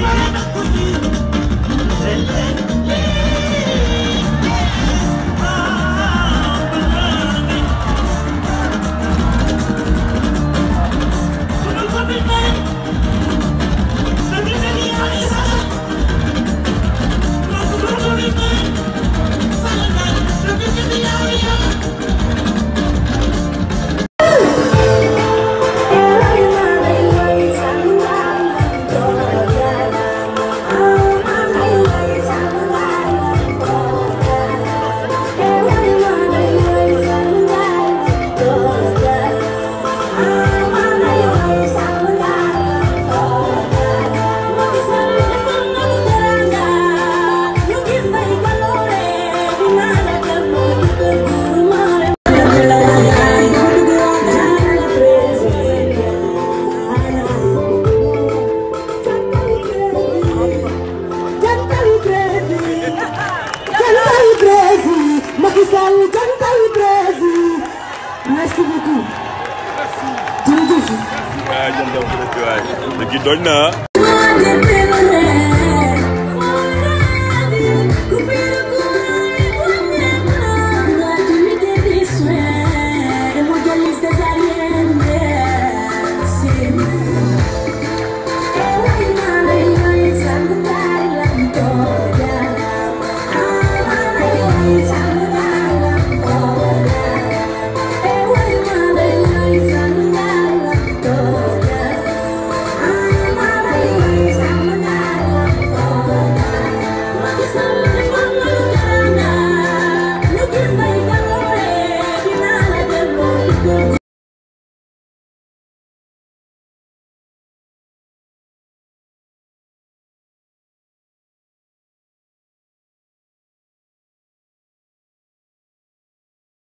Bye. beaucoup. jërëjëf. waaw jërëjëf dëgg doy na.